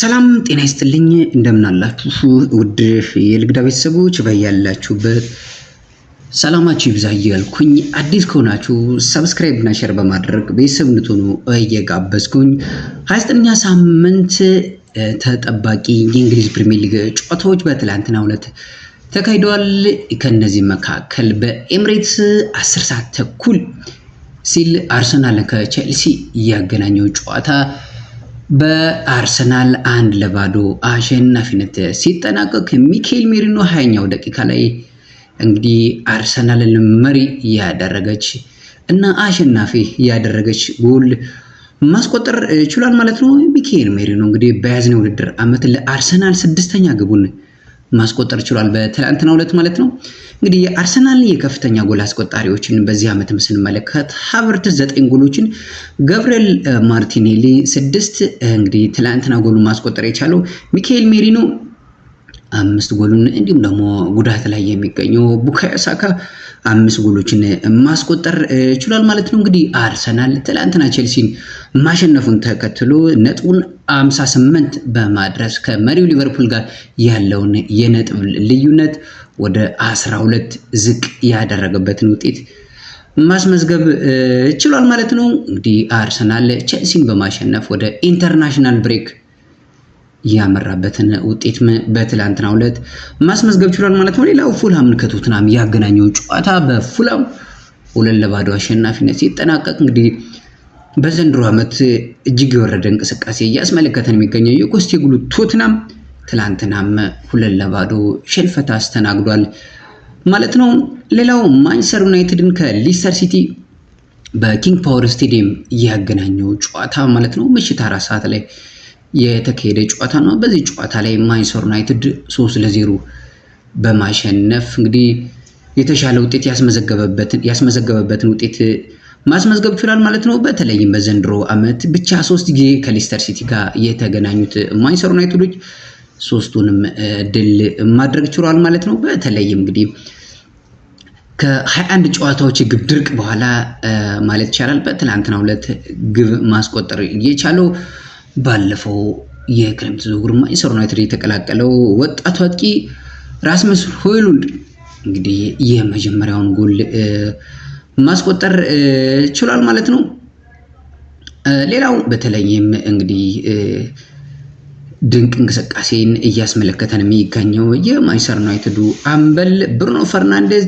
ሰላም ጤና ይስጥልኝ፣ እንደምናላችሁ ውድ የልግዳ ቤተሰቦች በያላችሁበት ሰላማችሁ ይብዛ እያልኩኝ አዲስ ከሆናችሁ ሰብስክራይብ እና ሼር በማድረግ ቤተሰብ እንድትሆኑ እየጋበዝኩኝ ሀያ ዘጠነኛ ሳምንት ተጠባቂ የእንግሊዝ ፕሪሚየር ሊግ ጨዋታዎች በትላንትናው ዕለት ተካሂደዋል። ከእነዚህ መካከል በኤምሬትስ አስር ሰዓት ተኩል ሲል አርሰናልን ከቼልሲ ያገናኘው ጨዋታ በአርሰናል አንድ ለባዶ አሸናፊነት ሲጠናቀቅ ሚካኤል ሜሪኖ ሀያኛው ደቂቃ ላይ እንግዲህ አርሰናልን መሪ ያደረገች እና አሸናፊ ያደረገች ጎል ማስቆጠር ችሏል ማለት ነው። ሚኬል ሜሪኖ እንግዲህ በያዝነው ውድድር ዓመት ለአርሰናል ስድስተኛ ግቡን ማስቆጠር ችሏል። በትላንትና ሁለት ማለት ነው። እንግዲህ የአርሰናል የከፍተኛ ጎል አስቆጣሪዎችን በዚህ ዓመት ስንመለከት ሀቨርት ዘጠኝ ጎሎችን፣ ገብርኤል ማርቲኔሊ ስድስት እንግዲህ ትናንትና ጎሉን ማስቆጠር የቻለው ሚካኤል ሜሪኖ አምስት ጎሉን እንዲሁም ደግሞ ጉዳት ላይ የሚገኘው ቡካዮ ሳካ አምስት ጎሎችን ማስቆጠር ችሏል ማለት ነው። እንግዲህ አርሰናል ትላንትና ቼልሲን ማሸነፉን ተከትሎ ነጥቡን 58 በማድረስ ከመሪው ሊቨርፑል ጋር ያለውን የነጥብ ልዩነት ወደ 12 ዝቅ ያደረገበትን ውጤት ማስመዝገብ ችሏል ማለት ነው። እንግዲህ አርሰናል ቼልሲን በማሸነፍ ወደ ኢንተርናሽናል ብሬክ ያመራበትን ውጤት በትላንትናው ዕለት ማስመዝገብ ችሏል ማለት ነው። ሌላው ፉልሃምን ከቶትናም ያገናኘው ጨዋታ በፉልሃም ሁለት ለባዶ አሸናፊነት ሲጠናቀቅ እንግዲህ በዘንድሮ ዓመት እጅግ የወረደ እንቅስቃሴ እያስመለከተን የሚገኘው የኮስቴ ጉሉ ቶትናም ትላንትናም ሁለት ለባዶ ሽንፈት አስተናግዷል ማለት ነው። ሌላው ማንቸስተር ዩናይትድን ከሊስተር ሲቲ በኪንግ ፓወር ስቴዲየም እያገናኘው ጨዋታ ማለት ነው ምሽት አራት ሰዓት ላይ የተካሄደ ጨዋታ ነው። በዚህ ጨዋታ ላይ ማንቸስተር ዩናይትድ ሶስት ለዜሮ በማሸነፍ እንግዲህ የተሻለ ውጤት ያስመዘገበበትን ውጤት ማስመዝገብ ይችላል ማለት ነው። በተለይም በዘንድሮ ዓመት ብቻ ሶስት ጊዜ ከሊስተር ሲቲ ጋር የተገናኙት ማንቸስተር ዩናይትዶች ሶስቱንም ድል ማድረግ ችሏል ማለት ነው። በተለይም እንግዲህ ከ21 ጨዋታዎች ግብ ድርቅ በኋላ ማለት ይቻላል በትናንትናው ዕለት ግብ ማስቆጠር እየቻለው ባለፈው የክረምት ዝውውር ማንቸስተር ዩናይትድ የተቀላቀለው ወጣቱ አጥቂ ራስመስ ሆይሉንድ እንግዲህ የመጀመሪያውን ጎል ማስቆጠር ችሏል ማለት ነው። ሌላው በተለይም እንግዲህ ድንቅ እንቅስቃሴን እያስመለከተን የሚገኘው የማንችስተር ዩናይትዱ አምበል ብሩኖ ፈርናንዴዝ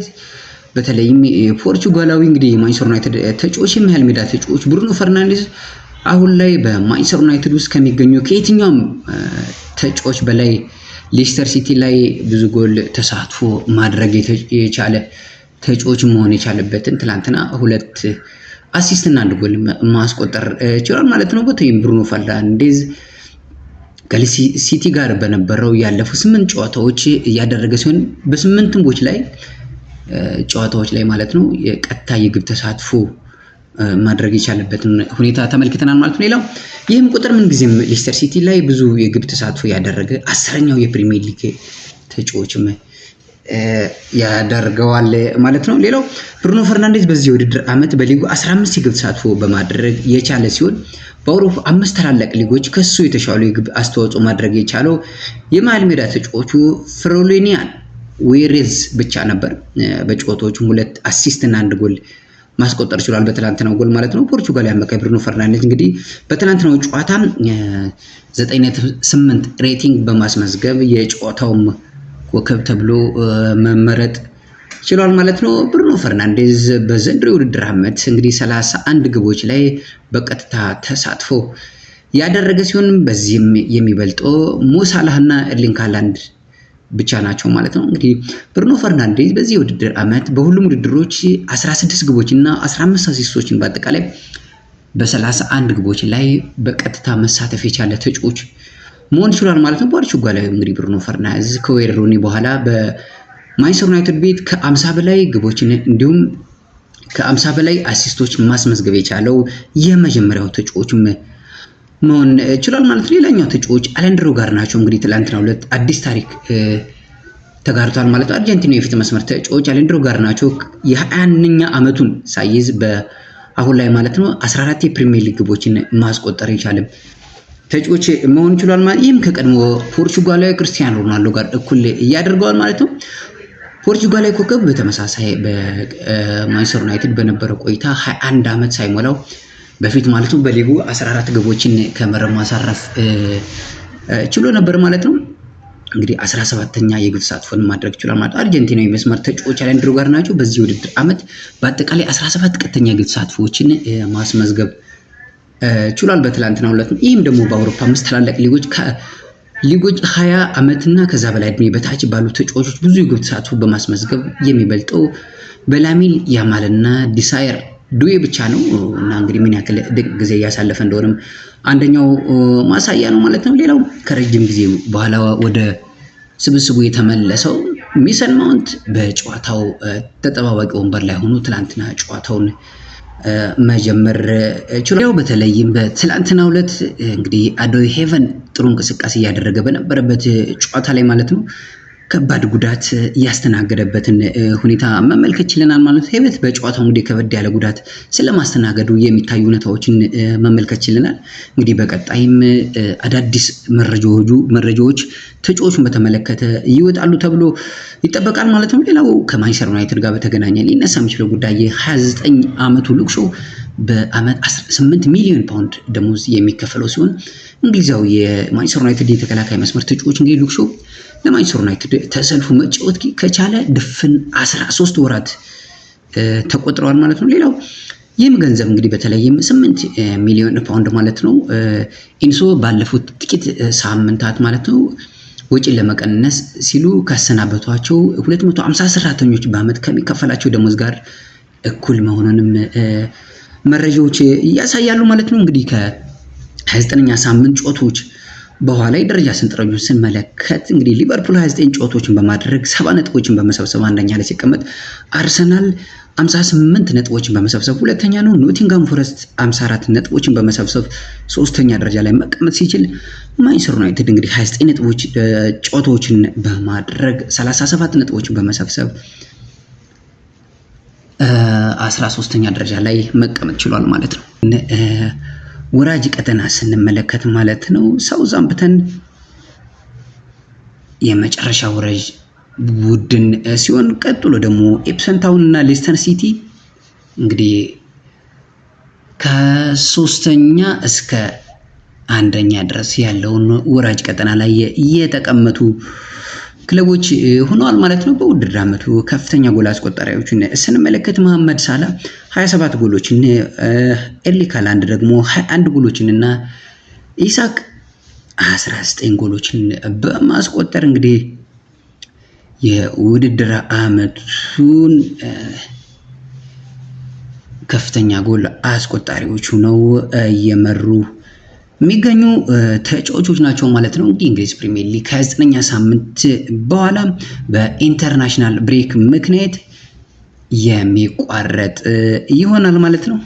በተለይም የፖርቹጋላዊ እንግዲህ የማንቸስተር ዩናይትድ ተጫዋች የመሃል ሜዳ ተጫዋች ብሩኖ ፈርናንዴዝ አሁን ላይ በማንችስተር ዩናይትድ ውስጥ ከሚገኙ ከየትኛውም ተጫዋች በላይ ሌስተር ሲቲ ላይ ብዙ ጎል ተሳትፎ ማድረግ የቻለ ተጫዎች መሆን የቻለበትን ትላንትና ሁለት አሲስት እና አንድ ጎል ማስቆጠር ችሏል ማለት ነው። በተለይም ብሩኖ ፈርናንዴዝ ከሲቲ ጋር በነበረው ያለፉ ስምንት ጨዋታዎች እያደረገ ሲሆን በስምንት ግቦች ላይ ጨዋታዎች ላይ ማለት ነው የቀጥታ የግብ ተሳትፎ ማድረግ የቻለበትን ሁኔታ ተመልክተናል ማለት ነው። ሌላው ይህም ቁጥር ምንጊዜም ሌስተር ሲቲ ላይ ብዙ የግብ ተሳትፎ ያደረገ አስረኛው የፕሪሚየር ሊግ ተጫዎችም ያደርገዋል ማለት ነው። ሌላው ብሩኖ ፈርናንዴዝ በዚህ የውድድር ዓመት በሊጉ 15 የግብ ተሳትፎ በማድረግ የቻለ ሲሆን በአውሮፓ አምስት ታላላቅ ሊጎች ከሱ የተሻሉ የግብ አስተዋጽኦ ማድረግ የቻለው የመሃል ሜዳ ተጫዋቹ ፍሮሊኒያን ዊሬዝ ብቻ ነበር። በጨዋታዎቹም ሁለት አሲስት እና አንድ ጎል ማስቆጠር ችሏል። በትናንትናው ጎል ማለት ነው። ፖርቹጋል አማካይ ብሩኖ ፈርናንዴዝ እንግዲህ በትናንትናው ጨዋታ 9.8 ሬቲንግ በማስመዝገብ የጨዋታውም ኮከብ ተብሎ መመረጥ ችሏል ማለት ነው። ብሩኖ ፈርናንዴዝ በዘንድሮ የውድድር ዓመት እንግዲህ 31 ግቦች ላይ በቀጥታ ተሳትፎ ያደረገ ሲሆን በዚህም የሚበልጠው ሞሳላህና ኤርሊንግ ሃላንድ ብቻ ናቸው ማለት ነው። እንግዲህ ብሩኖ ፈርናንዴዝ በዚህ የውድድር ዓመት በሁሉም ውድድሮች 16 ግቦችና 15 አሲስቶችን በአጠቃላይ በ31 ግቦች ላይ በቀጥታ መሳተፍ የቻለ ተጫዋች መሆን ይችሏል ማለት ነው። ፖርቹጋላዊ እንግዲህ ብሩኖ ፈርናንዴዝ ከዌይን ሩኒ በኋላ በማንቸስተር ዩናይትድ ቤት ከአምሳ በላይ ግቦችን እንዲሁም ከአምሳ በላይ አሲስቶች ማስመዝገብ የቻለው የመጀመሪያው ተጫዋች መሆን ይችሏል ማለት ነው። ሌላኛው ተጫዋች አሌንድሮ ጋር ናቸው እንግዲህ ትላንትና ሁለት አዲስ ታሪክ ተጋርቷል ማለት ነው። አርጀንቲና የፊት መስመር ተጫዋች አሌንድሮ ጋር ናቸው የ21ኛ ዓመቱን ሳይዝ በአሁን ላይ ማለት ነው 14 የፕሪሚየር ሊግ ግቦችን ማስቆጠር ይቻለም ተጫዋች መሆን ይችሏል ማለት ይህም ከቀድሞ ፖርቹጋላዊ ክርስቲያኖ ሮናልዶ ጋር እኩል እያደርገዋል ማለት ነው። ፖርቹጋላዊ ኮከብ በተመሳሳይ በማንቸስተር ዩናይትድ በነበረው ቆይታ 21 ዓመት ሳይሞላው በፊት ማለት ነው በሊጉ 14 ግቦችን ከመረብ ማሳረፍ ችሎ ነበር ማለት ነው። እንግዲህ 17ኛ የግብ ተሳትፎን ማድረግ ይችላል ማለት አርጀንቲናዊ መስመር ተጫዋች አሌሃንድሮ ጋርናቾ በዚህ ውድድር ዓመት በአጠቃላይ 17 ቀጥተኛ የግብ ተሳትፎዎችን ማስመዝገብ ችሏል በትላንትና ሁለት ነው። ይህም ደግሞ በአውሮፓ አምስት ታላላቅ ሊጎች ሊጎች ሀያ ዓመትና ከዛ በላይ እድሜ በታች ባሉ ተጫዋቾች ብዙ የግብ ሰዓቱ በማስመዝገብ የሚበልጠው በላሚን ያማልና ዲሳይር ዱዌ ብቻ ነው እና እንግዲህ ምን ያክል ድንቅ ጊዜ እያሳለፈ እንደሆነም አንደኛው ማሳያ ነው ማለት ነው። ሌላው ከረጅም ጊዜ በኋላ ወደ ስብስቡ የተመለሰው ሜሰን ማውንት በጨዋታው ተጠባባቂ ወንበር ላይ ሆኖ ትላንትና ጨዋታውን መጀመር ችሎ በተለይም በትላንትናው ዕለት እንግዲህ አዶይ ሄቨን ጥሩ እንቅስቃሴ እያደረገ በነበረበት ጨዋታ ላይ ማለት ነው ከባድ ጉዳት ያስተናገደበትን ሁኔታ መመልከት ችለናል ማለት ነው። ሄበት በጨዋታው እንግዲህ ከበድ ያለ ጉዳት ስለማስተናገዱ የሚታዩ ሁኔታዎችን መመልከት ችለናል። እንግዲህ በቀጣይም አዳዲስ መረጃዎች ተጫዋቹን በተመለከተ ይወጣሉ ተብሎ ይጠበቃል ማለት ነው። ሌላው ከማንቸስተር ዩናይትድ ጋር በተገናኘ ሊነሳ የሚችለው ጉዳይ የ29 ዓመቱ ልቅሶ በአመት 18 ሚሊዮን ፓውንድ ደሞዝ የሚከፈለው ሲሆን እንግሊዛዊ የማንቸስተር ዩናይትድ የተከላካይ መስመር ተጫዋች እንግዲህ ሉክ ሾው ለማንቸስተር ዩናይትድ ተሰልፎ መጫወት ከቻለ ድፍን 13 ወራት ተቆጥረዋል ማለት ነው። ሌላው ይህም ገንዘብ እንግዲህ በተለይም 8 ሚሊዮን ፓውንድ ማለት ነው ኢንሶ ባለፉት ጥቂት ሳምንታት ማለት ነው ወጪን ለመቀነስ ሲሉ ካሰናበቷቸው 250 ሰራተኞች በአመት ከሚከፈላቸው ደሞዝ ጋር እኩል መሆኑንም መረጃዎች ያሳያሉ ማለት ነው። እንግዲህ ከ29ኛ ሳምንት ጨዋታዎች በኋላ የደረጃ ሰንጠረዡን ስንመለከት እንግዲህ ሊቨርፑል 29 ጨዋታዎችን በማድረግ 70 ነጥቦችን በመሰብሰብ አንደኛ ላይ ሲቀመጥ፣ አርሰናል 58 ነጥቦችን በመሰብሰብ ሁለተኛ ነው። ኖቲንጋም ፎረስት 54 ነጥቦችን በመሰብሰብ ሶስተኛ ደረጃ ላይ መቀመጥ ሲችል፣ ማንችስተር ዩናይትድ እንግዲህ 29 ነጥቦች ጨዋታዎችን በማድረግ 37 ነጥቦችን በመሰብሰብ አስራ ሶስተኛ ደረጃ ላይ መቀመጥ ችሏል ማለት ነው። ወራጅ ቀጠና ስንመለከት ማለት ነው ሳውዛምፕተን የመጨረሻ ወራጅ ቡድን ሲሆን ቀጥሎ ደግሞ ኤፕሰንታውን እና ሌስተር ሲቲ እንግዲህ ከሶስተኛ እስከ አንደኛ ድረስ ያለውን ወራጅ ቀጠና ላይ እየተቀመጡ። ክለቦች ሆኗል ማለት ነው። በውድድር ዓመቱ ከፍተኛ ጎል አስቆጣሪዎችን ስንመለከት መሐመድ ሳላ 27 ጎሎችን፣ ኤርሊ ሃላንድ ደግሞ 21 ጎሎችን እና ኢሳክ 19 ጎሎችን በማስቆጠር እንግዲህ የውድድር ዓመቱን ከፍተኛ ጎል አስቆጣሪዎቹ ነው እየመሩ የሚገኙ ተጫዋቾች ናቸው ማለት ነው። እንግዲህ እንግሊዝ ፕሪሚየር ሊግ ከዘጠነኛ ሳምንት በኋላ በኢንተርናሽናል ብሬክ ምክንያት የሚቋረጥ ይሆናል ማለት ነው።